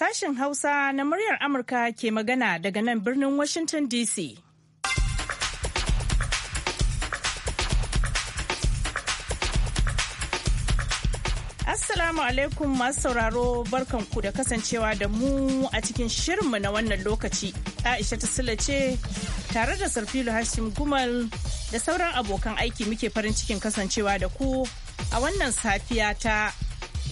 Sashen Hausa na muryar Amurka ke magana daga nan birnin Washington DC. Assalamu alaikum masu sauraro barkanku da kasancewa da mu a cikin shirinmu na wannan lokaci. Aisha Tasila ce tare da Sarfilu Hashim Gumal da sauran abokan aiki muke farin cikin kasancewa da ku a wannan safiya ta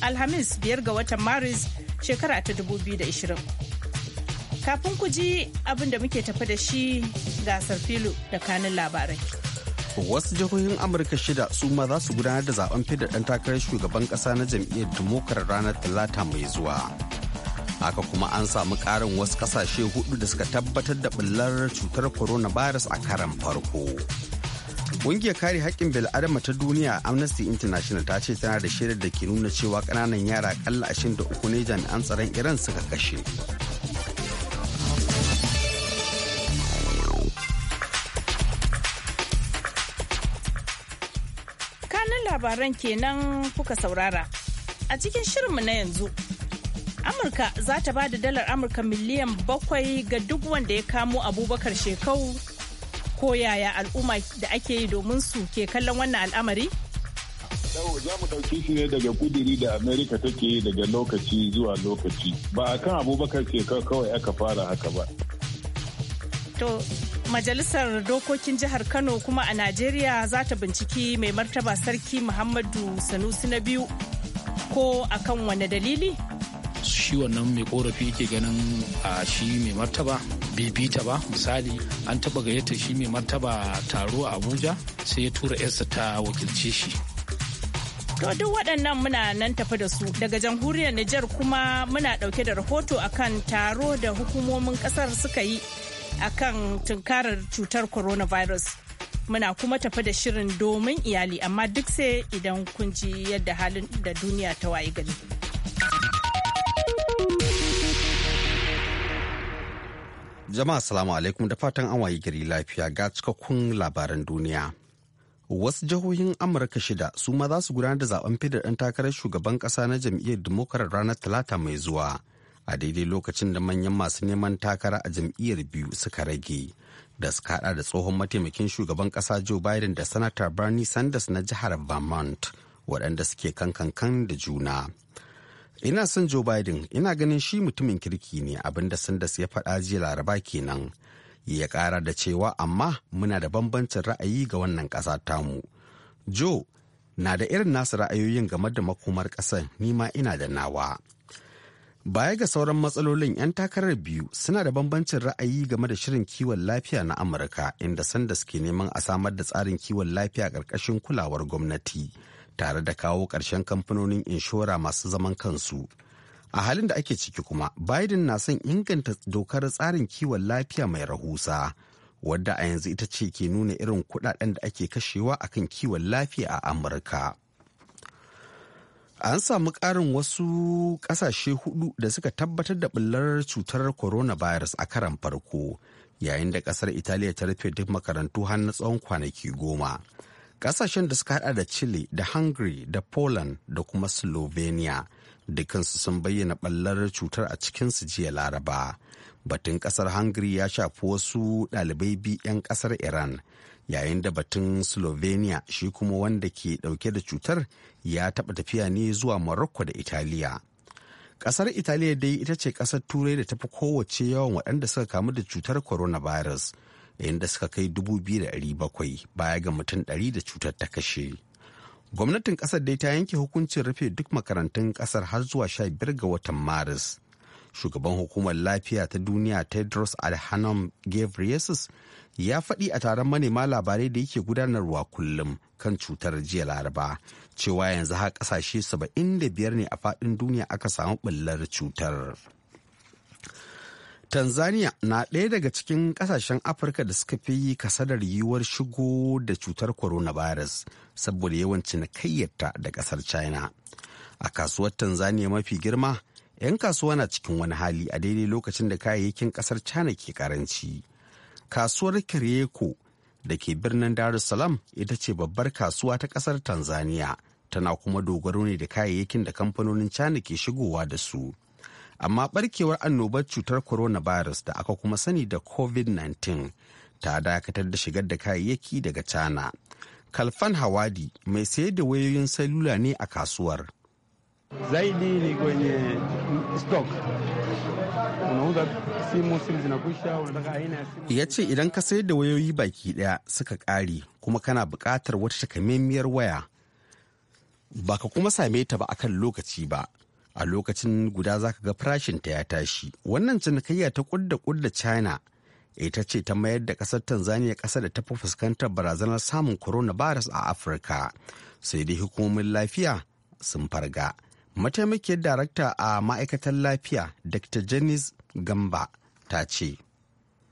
Alhamis biyar ga watan Maris shekara ta 2020. Kafin ku ji abin da muke tafi da shi gasar filo da kanin labarai. Wasu jihohin Amurka shida su ma za su gudanar da zaben fidda ɗan takarar shugaban ƙasa na jam'iyyar Dimokar ranar Talata mai zuwa. Haka kuma an samu ƙarin wasu ƙasashe hudu da suka tabbatar da ɓullar cutar coronavirus a karan farko. Ƙungiyar kare haƙƙin bil'adama ta duniya Amnesty International ta ce tana da shaidar da ke nuna cewa ƙananan yara ƙalla uku ne jami'an tsaron Iran suka kashe. Kanan labaran kenan kuka saurara. A cikin shirinmu na yanzu, Amurka za ta ba da dalar Amurka miliyan bakwai ga duk wanda ya kamo abubakar shekau ko yaya al'umma da ake yi domin su ke kallon wannan al'amari? za mu ɗauki shi ne daga kudiri da amerika take daga lokaci zuwa lokaci ba a kan abubakar ke kawai aka fara haka ba to majalisar dokokin jihar kano kuma a najeriya za ta binciki mai martaba sarki muhammadu sanusi na biyu ko akan wane dalili shi wannan mai korafi yake ganin a shi mai martaba bibita ba misali an taɓa gayyata shi mai martaba taro a abuja sai ya tura yarsa ta wakilce shi To duk waɗannan muna nan tafi da su daga jamhuriyar Nijar kuma muna ɗauke da rahoto akan taro da hukumomin ƙasar suka yi akan tunkarar cutar coronavirus. Muna kuma tafi da shirin domin iyali amma duk sai idan kun ji yadda halin da duniya ta waye gani. Jama'a salamu alaikum da fatan an wayi gari lafiya ga cikakkun labaran duniya. Wasu jihohin Amurka shida su ma za su gudanar da zaben fidar ɗan takarar shugaban ƙasa na jam'iyyar Democrat ranar Talata mai zuwa. A daidai lokacin da manyan masu neman takara a jam'iyyar biyu suka rage. Da suka haɗa da tsohon mataimakin shugaban ƙasa Joe Biden da Sanata Bernie Sanders na jihar Vermont waɗanda suke kankan kan da juna. ina son joe biden ina ganin shi mutumin kirki ne abinda sanders ya faɗa jiya laraba kenan ya ƙara da cewa amma muna da bambancin ra'ayi ga wannan ƙasa tamu joe na da irin nasu ra'ayoyin game da makomar ƙasar nima ina da nawa baya ga sauran matsalolin 'yan takarar biyu suna da bambancin ra'ayi game da shirin kiwon lafiya na amurka inda sanders ke neman a samar da tsarin kiwon lafiya ƙarƙashin kulawar gwamnati. tare da kawo ƙarshen kamfanonin inshora masu zaman kansu. A halin da ake ciki kuma, Biden na son inganta dokar tsarin kiwon lafiya mai rahusa, wadda a yanzu ita ce ke nuna irin kuɗaɗen da ake kashewa a kan kiwon lafiya a Amurka. An samu ƙarin wasu ƙasashe hudu da suka tabbatar da ɓullar cutar coronavirus a karan farko, yayin da ƙasar Italiya ta rufe duk makarantu har na tsawon kwanaki goma. Ƙasashen da suka hada da Chile da Hungary da Poland da kuma Slovenia dukansu sun bayyana ɓallar cutar a cikin su jiya Laraba. Batun ƙasar Hungary ya shafi wasu ɗalibai biyu 'yan ƙasar Iran. yayin da batun slovenia shi kuma wanda ke dauke da cutar ya taɓa tafiya ne zuwa morocco da italiya ƙasar italiya dai ita ce ƙasar turai da tafi kowace yawan waɗanda suka kamu da cutar coronavirus yayin da suka kai 2,700 baya ga mutum ɗari da cutar ta kashe. Gwamnatin kasar dai ta yanke hukuncin rufe duk makarantun kasar har zuwa sha biyar ga watan Maris. Shugaban hukumar lafiya ta duniya Tedros Adhanom Ghebreyesus ya faɗi a taron manema labarai da yake gudanarwa kullum kan cutar jiya laraba cewa yanzu har ƙasashe 75 ne a faɗin duniya aka samu ɓullar cutar. Tanzania na ɗaya daga cikin ƙasashen Afirka da suka fi yi kasadar yiwuwar shigo da cutar coronavirus saboda yawan cinikayyarta da ƙasar China. A kasuwar Tanzania mafi girma, 'yan kasuwa na cikin wani hali a daidai lokacin da kayayyakin ƙasar China ke karanci. Kasuwar Kireko da ke birnin Dar es Salaam ita ce babbar kasuwa ta ƙasar Tanzania, tana kuma dogaro ne da kayayyakin da kamfanonin China ke shigowa da su. amma barkewar annobar cutar coronavirus da aka kuma sani da covid-19 ta dakatar da shigar da kayayyaki daga china kalfan hawadi mai sayar da wayoyin salula ne a kasuwar ya ce idan ka sayar da wayoyi baki daya suka kare kuma kana buƙatar wata takamaimiyar waya baka kuma same ta ba akan lokaci ba a lokacin guda za ka ga farashinta ya tashi wannan cinikayya ta kudda kudda china ita ce ta mayar da kasar tanzania kasar da ta fi fuskantar barazanar samun coronavirus a afirka sai dai hukumomin lafiya sun farga mataimakiyar darakta a ma'aikatar lafiya dr janice gamba ta ce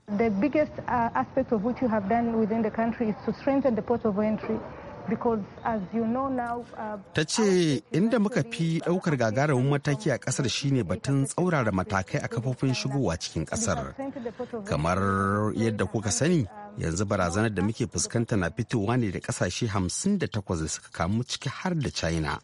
The biggest uh, aspect of what you have done within the country is to strengthen the port of entry. Uh, Ta ce inda muka fi daukar gagarumin mataki a ƙasar shine batun tsaurara matakai a kafofin uh, shigowa cikin kasar Kamar yadda kuka sani, um, yanzu barazanar da muke fuskanta na fitowa ne da ƙasashe 58 da suka kamu ciki har da China.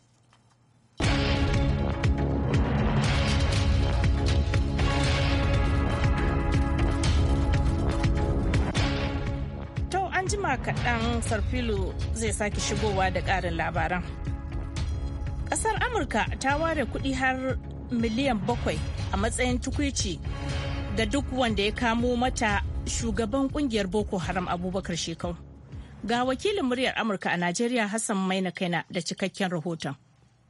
jima kaɗan sarfilo zai sake shigowa da ƙarin labaran ƙasar amurka ta ware kuɗi har miliyan bakwai a matsayin tukwici ga duk wanda ya kamo mata shugaban ƙungiyar boko haram abubakar shekau ga wakilin muryar amurka a najeriya hassan mai maina kaina da cikakken rahoton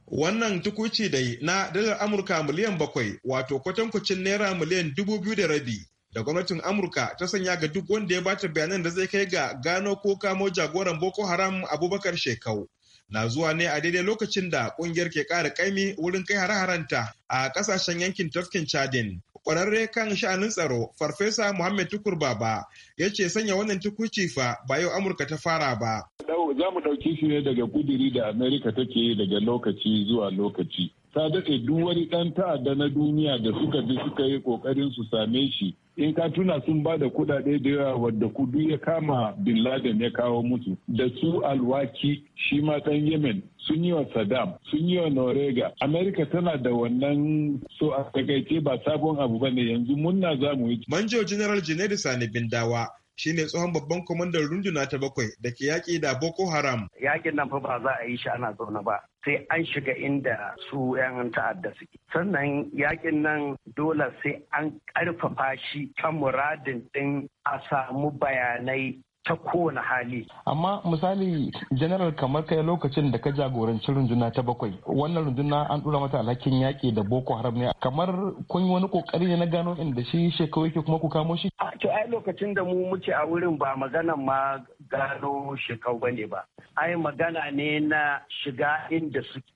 Wannan tukuci dai na dalar Amurka miliyan bakwai wato kwatankwacin naira miliyan dubu biyu da rabi da gwamnatin amurka ta sanya ga duk wanda ya bata bayanan da zai kai ga gano ko kamo jagoran boko haram abubakar shekau na zuwa ne a daidai lokacin da kungiyar ke kara kaimi wurin kai hare-harenta a kasashen yankin tafkin chadin kwararre kan sha'anin tsaro farfesa muhammed tukur baba ya ce sanya wannan tukuci fa ba yau amurka ta fara ba za mu ɗauki shi ne daga kudiri da amerika take daga lokaci zuwa lokaci ta duk wani ɗan ta'adda na duniya da suka bi suka yi ƙoƙarin su same shi in ka tuna sun ba da kuɗaɗe da yawa wadda kudu ya kama bin laden ya kawo musu da su alwaki shi ma ɗan yemen sun yi wa Saddam, sun yi wa Norega. Amerika tana da wannan so a takaice ba sabon abu bane yanzu munna za mu yi. Manjo General Junaidu Sani Bindawa shine tsohon babban kwamandan runduna ta bakwai da ke yaƙi da Boko Haram. Yaƙin nan fa ba za a yi shi ana zaune ba. sai an shiga inda su 'yan ta'adda suke. Sannan yaƙin nan dole sai an ƙarfafa shi kan muradin ɗin a samu bayanai ta kowane hali. Amma misali general kamar kai lokacin da ka jagoranci runduna ta bakwai wannan runduna an dura mata alhakin yaƙi da Boko Haram ne kamar kun yi wani kokari ne na gano inda shi shekaru yake kuma ku kamo shi. To ai lokacin da mu muke a wurin ba magana ma gano shekau bane ba. Ai magana ne na shiga inda suke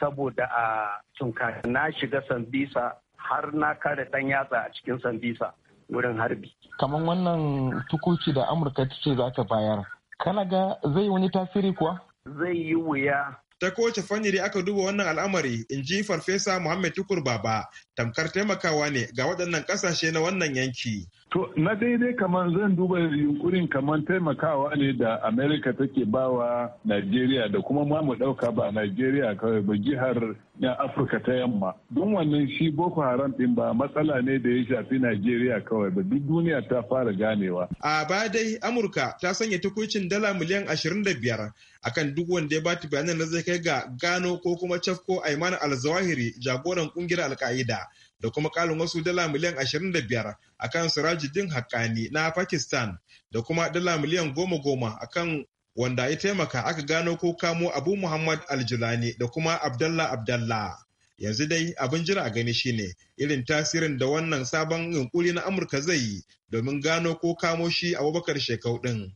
saboda a tunka na shiga sambisa har na kare dan yatsa a cikin sambisa wurin harbi. Kamar wannan tukuci da Amurka ta ce za ta bayar, kana ga zai wani tasiri kuwa? Zai yi wuya. Ta kowace fanni dai aka duba wannan al'amari, in ji Farfesa Muhammad Tukur Baba, tamkar taimakawa ne ga waɗannan ƙasashe na wannan yanki. To, na daidai kamar zan duba yunkurin kamar taimakawa ne da Amerika take bawa Najeriya da kuma ma mu ɗauka ba Najeriya kawai ba jihar na afirka ta yamma don wannan shi boko haram din ba matsala ne da ya shafi najeriya kawai ba duk duniya ta fara ganewa a ba dai amurka ta sanya takwicin dala miliyan 25 akan duk wanda ya bata bayanan da zai kai ga gano ko kuma cafko aiman alzawahiri jagoran kungiyar alka'ida da kuma kalin wasu dala miliyan 25 akan Sirajidin hakkani na pakistan da kuma dala miliyan goma goma akan wanda ya taimaka aka gano ko kamo abu muhammad Aljilani da kuma abdalla abdallah yanzu dai abin jira a gani shine irin tasirin da wannan sabon yunkuri na amurka zai yi domin gano ko kamo shi abubakar shekau din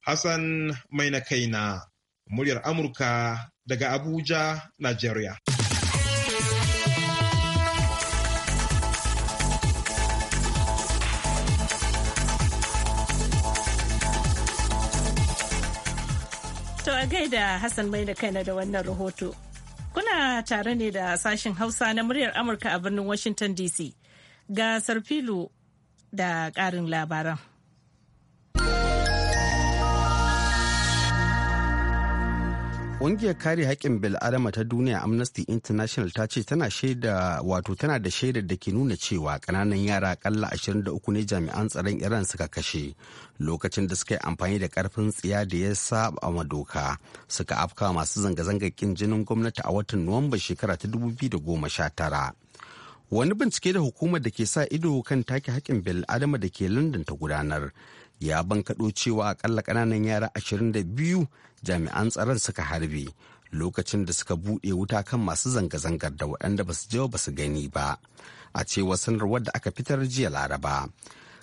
hassan mai na kaina muryar amurka daga abuja nigeria To a gaida Hassan mai da kaina da wannan rahoto. Kuna tare ne da sashin Hausa na muryar Amurka a birnin Washington DC. Ga Sarfilu da ƙarin labaran. Ƙungiyar kare haƙƙin bil'adama ta duniya Amnesty International ta ce tana shaida wato tana da shaidar da ke nuna cewa ƙananan yara ƙalla 23 ne jami'an tsaron Iran suka kashe lokacin da suka yi amfani da ƙarfin tsiya da ya saba ma doka suka afka masu zanga-zangar ƙin jinin gwamnati a watan Nuwamba shekara ta 2019. Wani bincike da hukumar da ke sa ido kan take haƙƙin bil'adama da ke London ta gudanar ya bankaɗo cewa akalla ƙananan yara 22 jami'an tsaron suka harbe lokacin da suka buɗe wuta kan masu zanga-zangar da waɗanda ba su je ba su gani ba a cewar sanarwar da aka fitar jiya laraba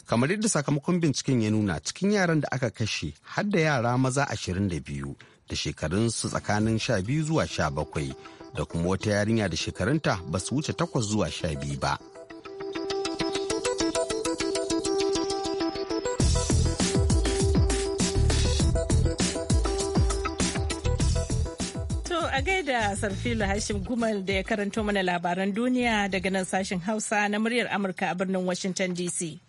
kamar yadda sakamakon binciken ya nuna cikin yaran da aka kashe har da yara maza 22 da shekarunsu tsakanin 12 zuwa 17 da kuma wata yarinya da shekarunta ba su wuce 8 zuwa 12 ba. da Sarfila Hashim Gumal da ya karanto mana labaran duniya daga nan sashen Hausa na muryar Amurka a birnin Washington DC.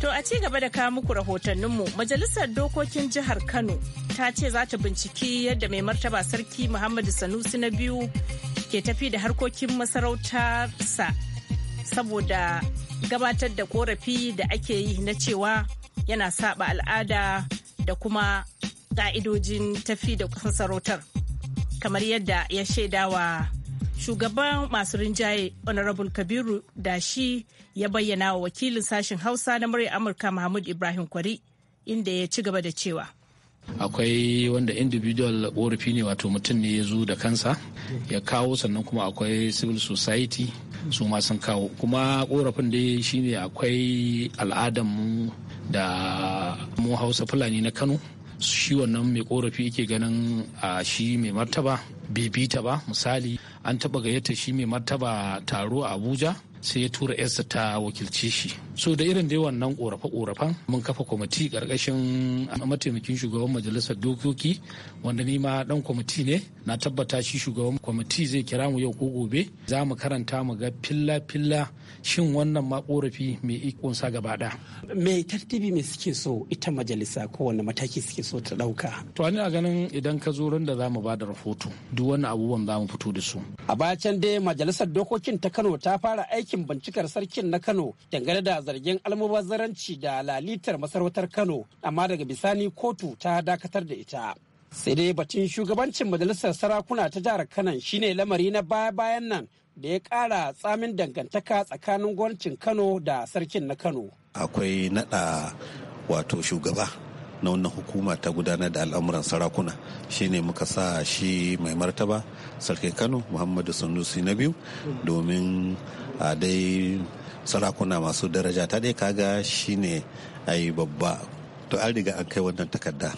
To a ci gaba da kawo muku rahotanninmu, Majalisar Dokokin Jihar Kano ta ce za ta binciki yadda mai martaba Sarki Muhammadu Sanusi na biyu ke tafi da harkokin masarautarsa saboda gabatar da korafi da ake yi na cewa yana saba al'ada da kuma ka'idojin tafi da kusan sarautar kamar yadda ya shaidawa shugaban masu rinjaye honorable kabiru da shi ya bayyana wa wakilin sashen hausa na murya amurka mahmud ibrahim kwari inda ya ci gaba da cewa akwai wanda individual korafi ne wato mutum ne ya zo da kansa ya kawo sannan kuma akwai civil society su ma sun kawo kuma korafin dai shine akwai al'adanmu da mu hausa fulani na kano shi wannan mai korafi yake ganin a shi mai martaba bibita ba misali an taba gayyata shi mai martaba taro a abuja sai ya tura yarsa ta wakilce shi so da irin da yawan nan korafe-korafen mun kafa kwamiti karkashin mataimakin shugaban majalisar dokoki wanda ni ma dan kwamiti ne na tabbata shi shugaban kwamiti zai kira mu yau ko gobe za mu karanta mu ga filla-filla shin wannan ma korafi mai ikonsa gaba da me tartibi me suke so ita majalisa ko wanne mataki suke so ta ɗauka. to ni a ganin idan ka zo randa za mu ba da rahoto duk wani abubuwan za mu fito da su a bayan dai majalisar dokokin ta Kano ta fara aiki aikin bincikar sarkin na Kano dangane da zargin almubazzaranci da lalitar masarautar Kano amma daga bisani kotu ta dakatar da ita. Sai dai batun shugabancin majalisar sarakuna ta jihar Kano shine lamari na baya-bayan nan da ya ƙara tsamin dangantaka tsakanin gwamnatin Kano da sarkin na Kano. Akwai naɗa wato shugaba na wannan hukuma ta gudanar da al'amuran sarakuna shine muka sa shi mai martaba sarki kano muhammadu sanusi na biyu domin a dai sarakuna masu daraja ta dai kaga shine ai babba to an riga an kai wannan takarda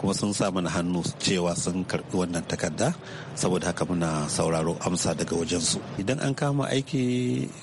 kuma sun sa mana hannu cewa sun karbi wannan takarda saboda haka muna sauraro amsa daga wajensu idan an kama aiki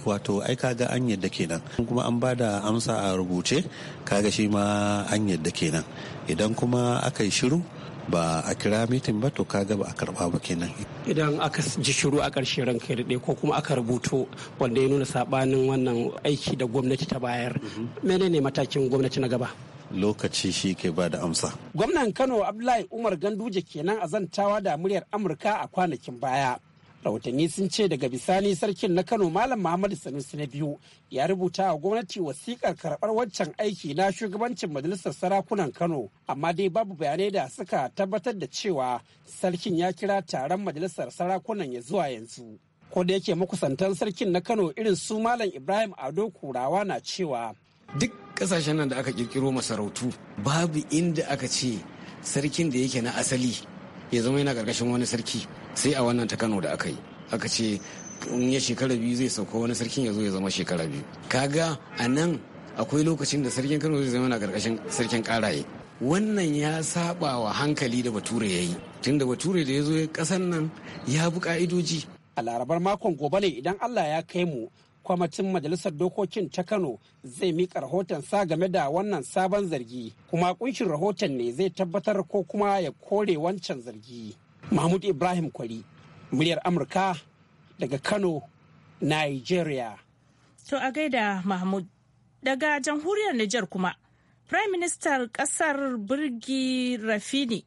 wato ai kaga an yadda kenan kuma an ba da amsa a rubuce kaga shi ma an yadda kenan idan kuma aka yi shiru ba a kira mitin ba to kaga ba a karba ba kenan idan aka ji shiru a ƙarshen ranka da ko kuma aka rubuto wanda ya nuna sabanin wannan aiki da gwamnati ta bayar mhm. menene matakin gwamnati na gaba lokaci shi ke ba da amsa. Gwamnan Kano Abdullahi Umar Ganduje kenan a zantawa da muryar Amurka a kwanakin baya. Rahotanni sun ce daga bisani sarkin na Kano Malam Muhammadu Sanusi na biyu ya rubuta wa gwamnati wasikar karɓar waccan aiki na shugabancin majalisar sarakunan Kano amma dai babu bayanai da suka tabbatar da cewa sarkin ya kira taron majalisar sarakunan ya zuwa yanzu. Ko da yake makusantan sarkin na Kano irin su Malam Ibrahim Ado Kurawa na cewa duk kasashen nan da aka kirkiro masarautu babu inda aka ce sarkin da yake na asali ya zama yana karkashin wani sarki sai a wannan ta kano da aka yi aka ce in ya shekara biyu zai sauko wani sarkin ya zo ya zama shekara biyu kaga a nan akwai lokacin da sarkin kano zai zama na karkashin sarkin karaye wannan ya saba wa hankali da bature ya yi tun da bature da ya zo kasan nan ya bi ka'idoji a larabar makon gobe ne idan allah ya kai mu kwamitin majalisar dokokin ta kano zai mika rahoton sa game da wannan sabon zargi kuma kunshin rahoton ne zai tabbatar ko kuma ya kore wancan zargi mahmud ibrahim kwari muryar amurka daga kano nigeria to a gaida mahmud daga jamhuriyar niger kuma prime minister kasar birgi rafini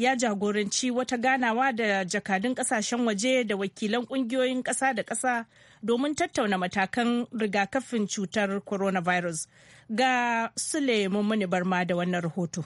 ya jagoranci wata ganawa da jakadun kasashen waje da wakilan kungiyoyin ƙasa da ƙasa domin tattauna matakan rigakafin cutar coronavirus ga sule mummuni barma da wannan rahoto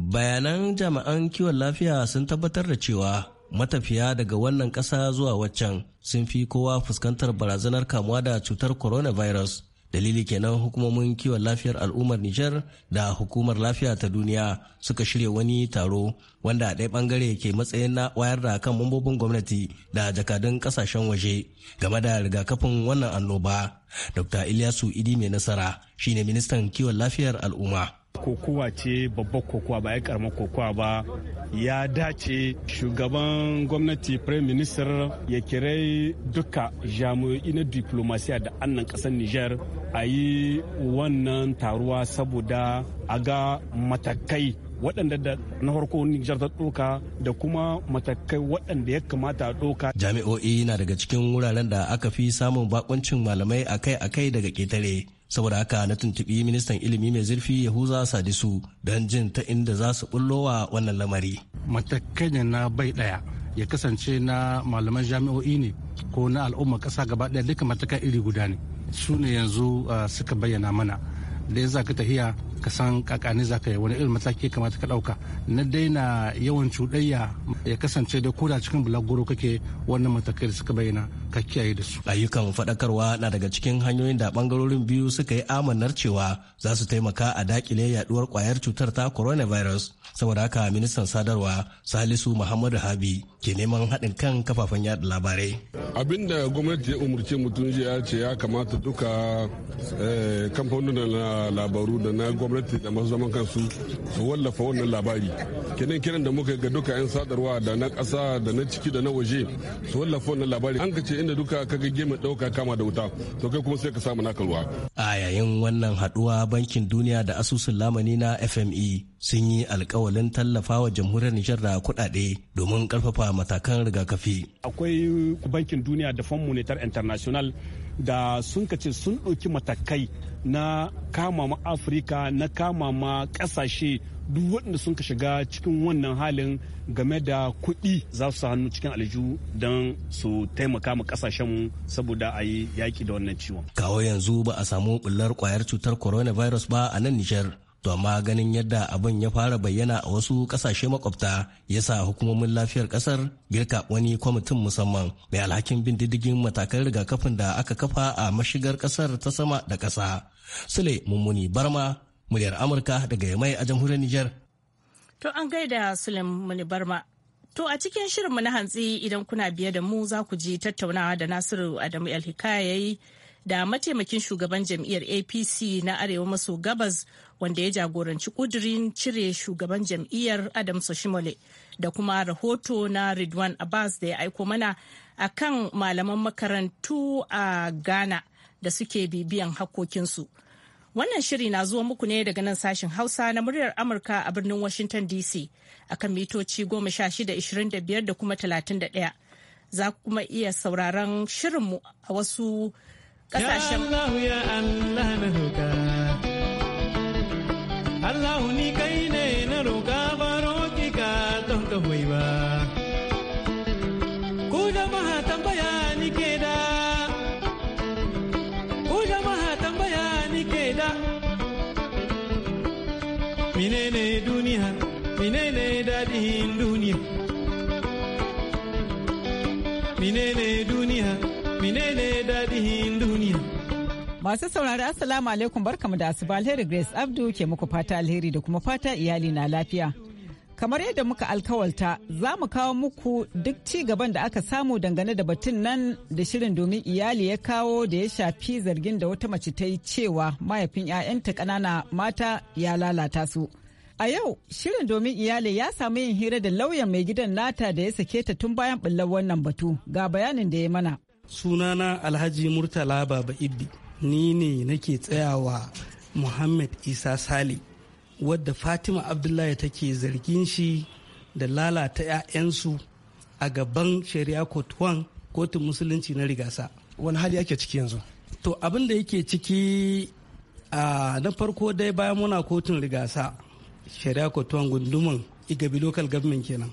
bayanan jami'an kiwon lafiya sun tabbatar da cewa matafiya daga wannan ƙasa zuwa waccan sun fi kowa fuskantar barazanar kamuwa da cutar coronavirus dalili kenan hukumomin kiwon lafiyar al'ummar Nijar da hukumar lafiya ta duniya suka shirya wani taro wanda a ɗaya ɓangare ke matsayin na wayar da kan mambobin gwamnati da jakadun ƙasashen waje game da rigakafin wannan annoba. Dr. Ilyasu Idi mai nasara shine ministan kiwon lafiyar al'umma. kokowa ce babbar kokowa ba ya karamar kokowa ba ya dace shugaban gwamnati prime minister ya kirai duka jami'o'i na diplomasiya da annan kasar niger a yi wannan taruwa saboda a ga matakai waɗanda da na farko Nijar ta ɗoka da kuma matakai waɗanda ya kamata a ɗoka. Jami'o'i na daga cikin wuraren da aka fi samun bakuncin malamai akai-akai daga ƙetare. saboda haka na tuntubi ministan ilimi mai zurfi yahuza sadisu don jin ta inda za su wa wannan lamari matakai na bai ɗaya ya kasance na malaman jami'o'i ne ko na al'umma ƙasa gaba daya duka matakan iri guda ne su ne yanzu ah, suka bayyana mana da ya za ka tahiya ka san kakani za ka yi wani irin mataki kamata ka ɗauka na daina yawan cuɗayya ya kasance da koda cikin bulaguro kake wannan matakai da suka bayyana ka kiyaye da su. Ayyukan faɗakarwa na daga cikin hanyoyin da bangarorin biyu suka yi amanar cewa za su taimaka a dakile yaɗuwar kwayar cutar ta coronavirus. Saboda haka ministan sadarwa Salisu Muhammadu Habi ke neman haɗin kan kafafen yaɗa labarai. Abin da gwamnati ya umarci mutum ya ce ya kamata duka eh, kamfanonin labaru da na gwamnati gwamnati da masu zaman kansu su wallafa wannan labari kenan kiran da muka ga duka 'yan sadarwa da na ƙasa da na ciki da na waje su wallafa wannan labari an kace inda duka ka ga gemin ɗauka kama da wuta to kai kuma sai ka samu naka ruwa. a yayin wannan haɗuwa bankin duniya da asusun lamani na fme sun yi alkawalin tallafawa jamhuriyar nijar da kuɗaɗe domin ƙarfafa matakan rigakafi. akwai bankin duniya da fond monetar international da sun kace sun ɗauki matakai na kama ma afirka na kama ma kasashe duk waɗanda sun ka shiga cikin wannan halin game da kuɗi za su hannu cikin aljihu don su taimaka ma kasashen saboda a yi yaƙi da wannan ciwon. kawo yanzu ba a samu bullar kwayar cutar coronavirus ba a nan nijar to amma ganin yadda abin ya fara bayyana a wasu kasashe makwabta ya sa hukumomin lafiyar ƙasar girka wani kwamitin musamman mai alhakin bin diddigin matakan rigakafin da aka kafa a mashigar ƙasar ta sama da ƙasa. Sule Mummuni Barma, muryar Amurka daga Yamai a jamhuriyar Nijar. To an gaida Sule Mummuni Barma. To a cikin shirinmu na hantsi idan kuna biye da mu za ku ji tattaunawa da Nasiru Adamu Alhikaya ya da mataimakin shugaban jam'iyyar APC na Arewa maso gabas wanda ya jagoranci kudirin cire shugaban jam'iyyar Adam Soshimole da kuma rahoto na Ridwan Abbas da ya aiko mana akan malaman makarantu a Ghana. da suke bibiyan hakkokinsu. Wannan shiri na zuwa muku ne daga nan sashen Hausa na muryar Amurka a birnin Washington DC a kan mitoci 1625 da kuma 31. Za ku kuma iya sauraron shirinmu a wasu kasashen. Allah ni kai ne na roƙa baro ki ka don ka ba. bihin duniya. Masu saurari Assalamu alaikum barkamu da asuba alheri Grace Abdu ke muku fata alheri da kuma fata iyali na lafiya. Kamar yadda muka alkawalta za mu kawo muku duk ci gaban da aka samu dangane da batun nan da shirin domin iyali ya kawo da ya shafi zargin da wata mace ta yi cewa mahaifin 'ya'yanta kanana mata ya lalata su. A yau shirin domin iyali ya samu yin hira da lauyan mai gidan nata da ya sake ta tun bayan bullar wannan batu ga bayanin da ya mana. sunana alhaji murtala baba ibbi ni ne nake tsayawa muhammad isa sale wadda fatima abdullahi take zargin shi da lalata 'ya'yansu a gaban shari'a kotuwan kotun musulunci na rigasa wani hali ake ciki yanzu to abin da yake ciki a na farko dai bayan muna kotun rigasa shari'a kotuwan gunduman igabi local government kenan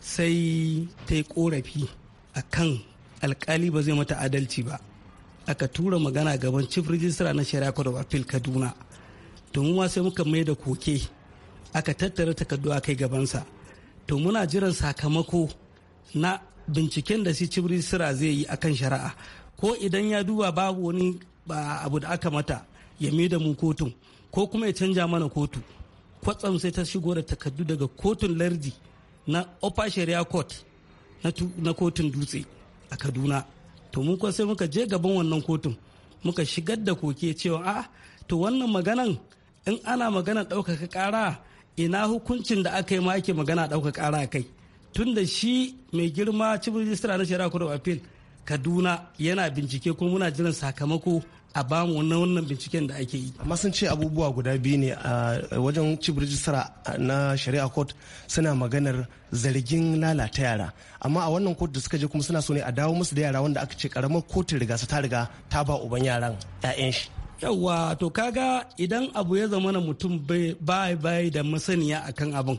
sai ta yi korafi a kan alkali ba zai mata adalci ba aka tura magana gaban chief registrar na shari'a court of kaduna to mu ma sai muka mai da koke aka tattara takardu a kai gabansa to muna jiran sakamako na binciken da shi chief registrar zai yi akan shari'a ko idan ya duba babu wani ba abu da aka mata ya mai da mu kotun ko kuma ya canja mana kotu kwatsam sai ta shigo da takardu daga kotun lardi na upper shari'a court na kotun dutse a kaduna to mun kuma sai muka je gaban wannan kotun muka shigar da koke cewa a to wannan maganan in ana magana ɗaukaka ƙara ina hukuncin da aka yi ma ake magana ɗaukaka ƙara kai tun da shi mai girma cibin rijistra na shari'a kudu appeal kaduna yana bincike kuma muna jiran sakamako a bamu na wannan binciken da ake yi amma sun ce abubuwa guda biyu ne a wajen chief registrar na shari'a court suna maganar zargin lalata yara amma a wannan kotu da suka je kuma suna so ne a dawo musu da yara wanda aka ce karamar kotun riga su ta riga ta ba uban yaran 'ya'yan shi yawwa to kaga idan abu ya zama na mutum bai bai da masaniya akan abin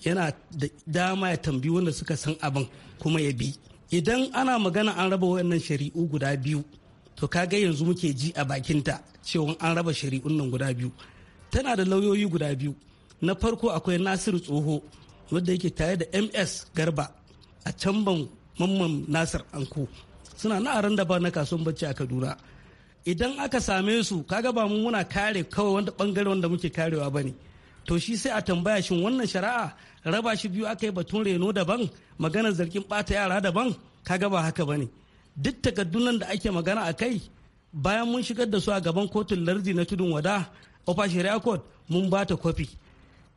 yana da dama ya tambi wanda suka san abin kuma ya bi idan ana magana an raba waɗannan shari'u guda biyu to kaga yanzu muke ji a bakinta cewa an raba shari'un nan guda biyu tana da lauyoyi guda biyu na farko akwai nasiru tsoho wadda yake tare da ms garba a camban mamman nasir anko suna na aran da ba na kasuwan bacci a kaduna idan aka same su kaga ba mun muna kare kawai wanda bangare wanda muke karewa ba ne to shi sai a tambaya shin wannan shari'a raba shi biyu aka yi batun reno daban maganar zargin bata yara daban kaga ba haka ba ne duk takardunan da ake magana a kai bayan mun shigar da su a gaban kotun lardi na tudun wada ofa shari'a court mun ba ta kofi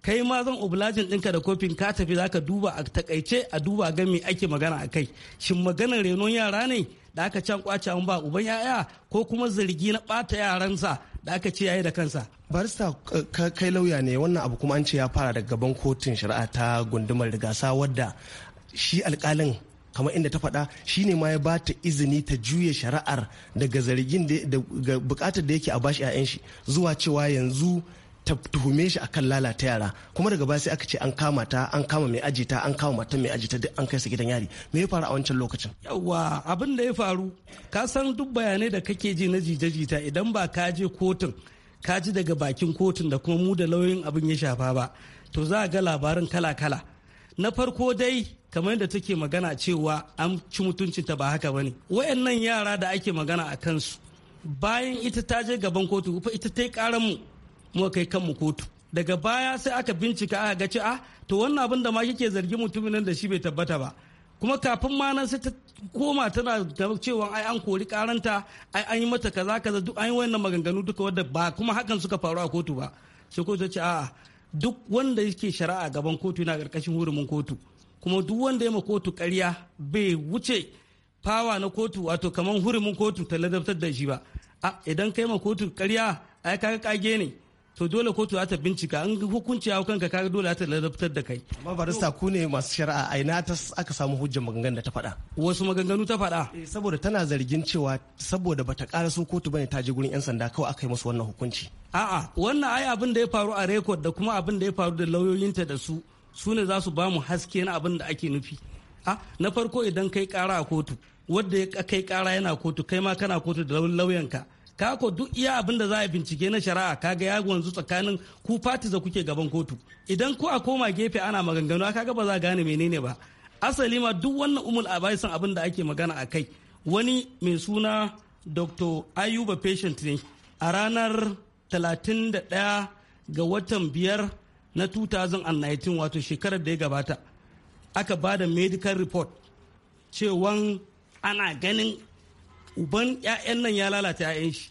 kai ma zan obilajin ɗinka da kofin ka tafi zaka duba a takaice a duba ga me ake magana a kai shin maganar renon yara ne da aka can kwace an ba uban yaya ko kuma zargi na bata yaransa da aka ce yayi da kansa. barista kai lauya ne wannan abu kuma an ce ya fara daga gaban kotun shari'a ta gundumar rigasa wadda shi alkalin kamar inda ta faɗa ne ma ya ba ta izini ta juya shari'ar daga zargin da bukatar da yake a bashi 'ya'yan shi zuwa cewa yanzu ta tuhume shi akan lalata yara kuma daga baya sai aka ce an kama ta an kama mai aji ta an kama matan mai aji ta duk an kai su gidan yari me ya faru a wancan lokacin yawa abin da ya faru ka san duk bayanai da kake ji na jita-jita idan ba ka je kotun ka ji daga bakin kotun da kuma mu da lauyin abin ya shafa ba to za ga labarin kala-kala na farko dai kamar da take magana cewa an ci mutuncinta ba haka bane wayannan yara da ake magana a kansu bayan ita ta je gaban kotu ita ta yi karan mu mu kai kanmu kotu daga baya sai aka bincika aka ga ce ah, to wannan abin da ma kike zargi mutumin nan da shi bai tabbata ba kuma kafin ma nan sai ta koma tana da cewa ai an kori karanta ai an yi mata kaza kaza duk an yi wannan maganganu duka wadda ba kuma hakan suka faru a kotu ba sai kotu ta ce a'a duk wanda yake shari'a gaban kotu yana karkashin hurumin kotu kuma duk wanda ya ma kotu karya bai wuce fawa na kotu wato kamar hurumin kotu ta ladabtar da shi ba a idan kai ma kotu karya ai kaga kage ne to dole kotu za ta bincika an hukunci a kanka kaga dole za ta ladabtar da kai amma barista ku ne masu shari'a a ina ta aka samu hujjar maganganun da ta faɗa wasu maganganu ta faɗa eh, saboda tana zargin cewa saboda bata ƙara so kotu bane ta je gurin yan sanda kawai aka yi musu wannan hukunci a'a wannan ai abin da ya faru a rekod da kuma abin da ya faru da lauyoyinta da su su ne za su ba mu haske na abin da ake nufi a ah, na farko idan kai ƙara a kotu wanda ya kai ƙara yana kotu kai ma kana kotu da lauyanka kako duk iya abin da za a bincike na shari'a kaga ya wanzu tsakanin ku fati da kuke gaban kotu idan ku a koma gefe ana maganganu kaga ba za gane menene ba asali ma duk wannan umul abaisan abin da ake magana a kai wani mai suna dr ayuba patient ne a ranar 31 ga watan biyar na 2019 wato shekarar da ya gabata aka ba da medical report cewan ana ganin uban 'ya'yan nan ya lalata 'ya'yan shi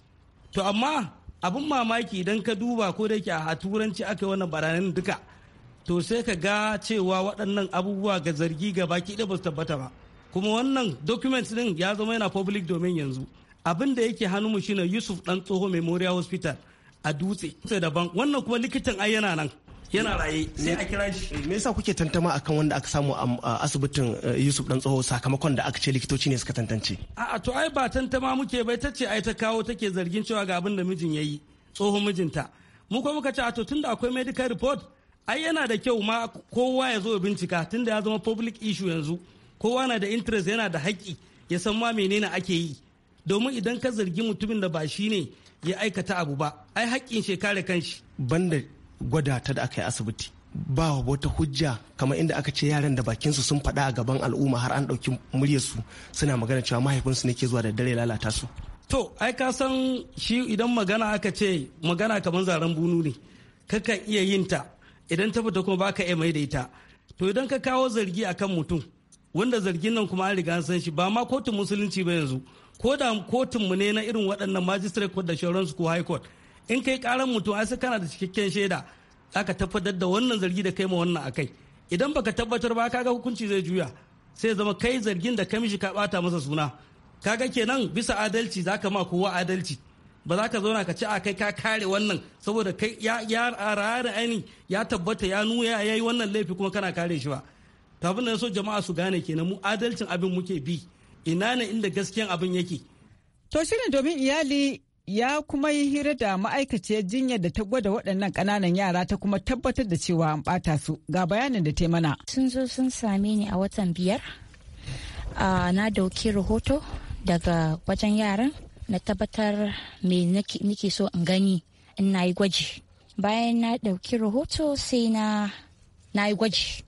to amma abin mamaki idan ka duba ko da yake a turanci aka yi wannan baranin duka to sai ka ga cewa waɗannan abubuwa ga zargi ga baki da ba su tabbata ba kuma wannan document din ya zama yana public domain yanzu abin da yake mu shine yusuf dan tsoho memorial hospital a dutse daban wannan kuma likitan ai yana nan yana raye sai a kira shi me yasa kuke tantama akan wanda aka samu a asibitin eh, Yusuf dan tsoho sakamakon da aka ce likitoci ne suka tantance a to ai ba tantama muke bai tace ai ta kawo take zargin cewa ga abin da mijin yayi tsohon mijinta mu kuma muka ce a to tunda akwai medical report ai yana da kyau ma kowa ya zo ya bincika tunda ya zama public issue yanzu kowa na da interest yana da haƙƙi ya san ma menene ake yi domin idan ka zargi mutumin da ba shi ne ya aikata abu ba ai haƙƙin shekare kanshi banda gwada ta da aka yi asibiti ba wata hujja kamar inda aka ce yaran da bakinsu sun faɗa a gaban al'umma har an ɗauki muryarsu suna magana cewa mahaifinsu ne ke zuwa da dare lalata su. To, ai ka san shi idan magana aka ce magana kamar zaren bunu ne, kakan iya yin ta idan ta fita kuma baka iya mai da ita. To idan ka kawo zargi akan mutum, wanda zargin nan kuma an riga san shi ba ma kotun musulunci ba yanzu, ko da kotun mu ne na irin waɗannan magistrate court da shauransu ko high court. in kai karan mutum sai kana da cikakken shaida zaka tabbatar da wannan zargi da kai ma wannan akai idan baka tabbatar ba kaga hukunci zai juya sai zama kai zargin da kai ka bata masa suna kaga kenan bisa adalci zaka ma kowa adalci ba za ka zauna ka ci a kai ka kare wannan saboda kai ya ya rara aini ya tabbata ya nuya ya yi wannan laifi kuma kana kare shi ba to abin da so jama'a su gane kenan mu adalcin abin muke bi ina ne inda gaskiyan abin yake to shirin domin iyali ya kuma yi hira da ma'aikaciyar jinyar da ta gwada waɗannan ƙananan yara ta kuma tabbatar da cewa an ɓata su ga bayanin da ta mana. Sun zo sun same ni a watan biyar, na dauki rahoto daga wajen yaran na tabbatar me nake so in gani in na yi gwaji. Bayan na dauki rahoto sai na yi gwaji.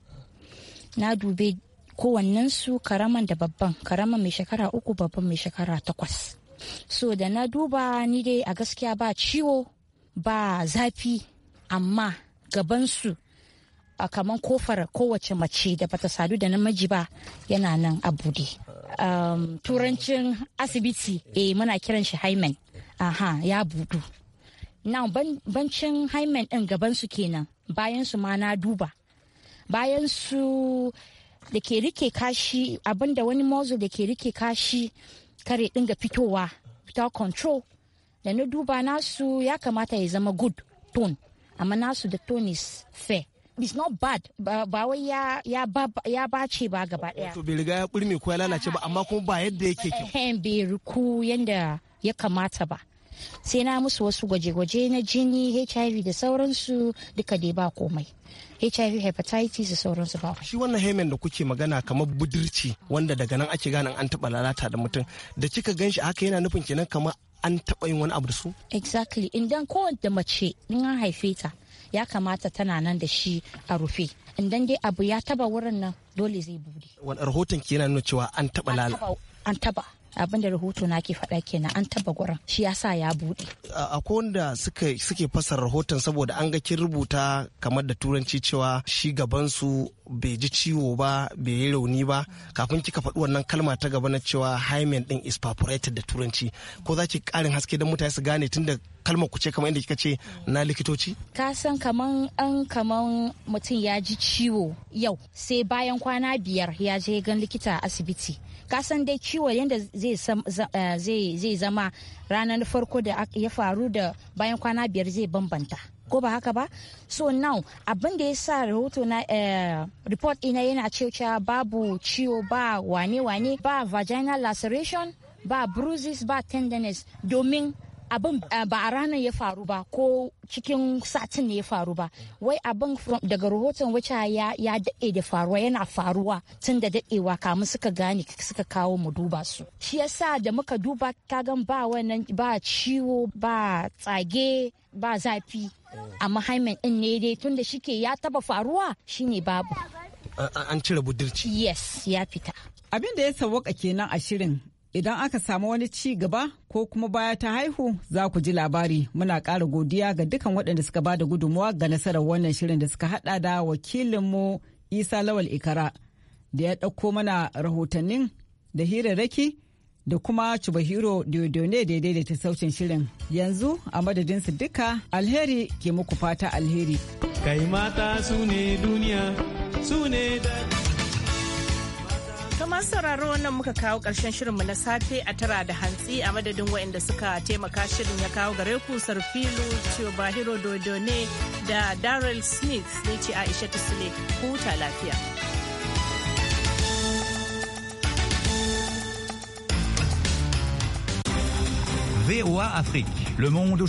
Na dube kowannensu karaman da babban, karaman mai shekara uku babban mai shekara takwas. so da na duba ni dai a gaskiya ba ciwo ba zafi amma gabansu a kaman kofar kowace mace da bata sadu da namiji ba yana nan a bude um, turancin asibiti eh muna kiran shi hymen aha ya budu na bancin hymen din gabansu kenan bayan su ma na duba bayan su da ke rike kashi abinda wani mozo da ke rike kashi kare dinga fitowa fitowa control da na duba nasu ya kamata ya zama good tone amma nasu da tone is fair it's not bad ba wai ya ba ya bace ba gaba daya to bai riga ya burme ko ya lalace ba amma kuma ba yadda yake kyau eh bai riku yanda ya kamata ba sai na musu wasu gwaje-gwaje na jini hiv da sauransu duka dai ba komai hiv hepatitis da sauransu ba shi wannan hemen da kuke magana kamar budurci wanda daga nan ake ganin an taba lalata da mutum da kika ganshi haka yana nufin kenan kamar an taba yin wani abu da su exactly idan kowanne mace in an haife ta ya kamata tana nan da shi a rufe idan dai abu ya taba wurin nan dole zai bude wani rahoton ke yana nuna cewa an taba lalata an taba abin da rahoto na ke faɗa kenan an taba gurin shi ya sa ya buɗe. akwai wanda suke suke fasar rahoton saboda an ga kin rubuta kamar da turanci cewa shi gabansu su bai ji ciwo ba bai yi rauni ba kafin kika faɗi wannan kalma ta gaba na cewa hymen din is perforated da turanci ko za ki ƙarin haske don mutane su gane tun da kalmar ku ce kamar inda kika ce na likitoci? Ka san kaman an kaman mutum ya ji ciwo yau sai bayan kwana biyar ya je gan likita a asibiti kasan dai ciwo yadda eh, zai zama ranar farko da ya faru da bayan kwana biyar zai bambanta ko ba haka ba so now abin da ya sa rahoto na eh, report ina yana cewa babu ciwo ba wane-wane ba vaginal laceration ba bruises ba tenderness domin abin eh, ba a ranar ya faru ba ko cikin satin ne ya faru ba wai abin daga rahoton wacce ya daɗe da faruwa yana faruwa tun da daɗewa kamun suka gane suka kawo mu duba su shi yasa da muka duba kagan ba wannan ba ciwo ba tsage ba zafi a haimen din ne dai tun da shike ya taba faruwa shine babu an cire budurci yes ya fita abin da ya sawwaka kenan a shirin Idan aka samu wani ci gaba ko kuma baya ta haihu za ku ji labari muna kara godiya ga dukan waɗanda suka ba da gudunmuwa ga nasarar wannan shirin da suka haɗa da wakilinmu Isa Lawal Ikara da ya ɗauko mana rahotannin da hirarraki da kuma Chubahiro Diodone da ta ta saucin shirin. Yanzu a madadinsu duka alheri ke muku fata alheri. Kai mata su ne duniya su ne daɗi. Kamar sauraro nan muka kawo karshen shirinmu na safe a tara da hantsi a madadin waɗanda suka taimaka shirin ya kawo gare ku sarfilu bahiro Dodo ne da Daryl Smith ne ce Aisha Tusule huta lafiya. VOA Afrique. Le monde